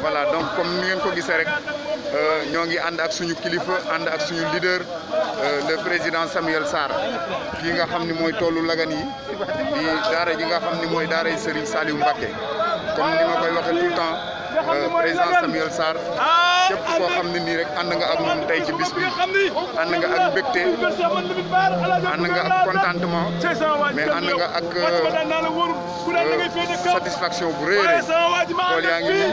voilà donc comme ni ngeen ko gisee rek euh, ñoo ngi ànd ak suñu kilifa ànd ak suñu leader euh, le président Samuel Sarr kii nga xam ni mooy toolu lagan yi daara ji nga xam ni mooy daara yi Serigne Saliou Mbacké comme ni ma koy waxee tout le temps euh, président Samuel Sarr. képp koo xam ne nii rek ànd nga ak ñun tey ci bis bi ànd nga ak mbégte ànd nga ak contentement mais ànd nga ak euh, satisfaction bu rëy a rëy tool yaa ngi nii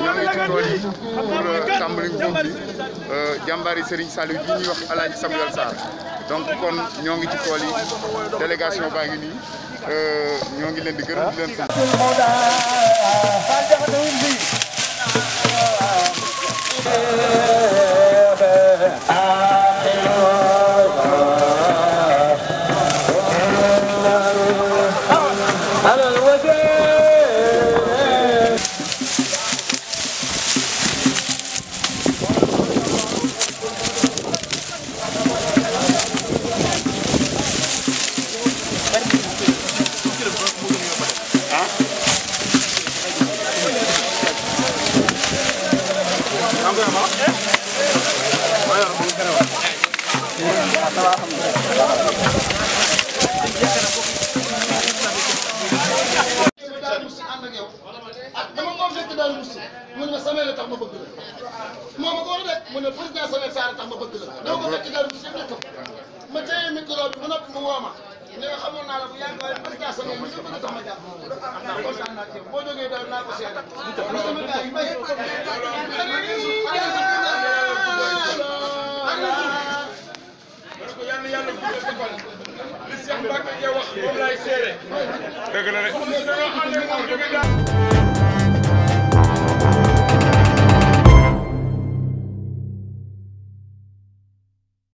ñoo ngi ci tool yi pour euh, tàmbali góob bi euh, jàmbaari Serigne Saliou bi ñuy wax El Hadj Samuel Sarr donc kon ñoo ngi ci tool yi délégation baa ngi nii ñoo ngi leen di gërëm leen sant. moo jógee daal naa ko seet Mbacke wax moom laay seere dëgg la rek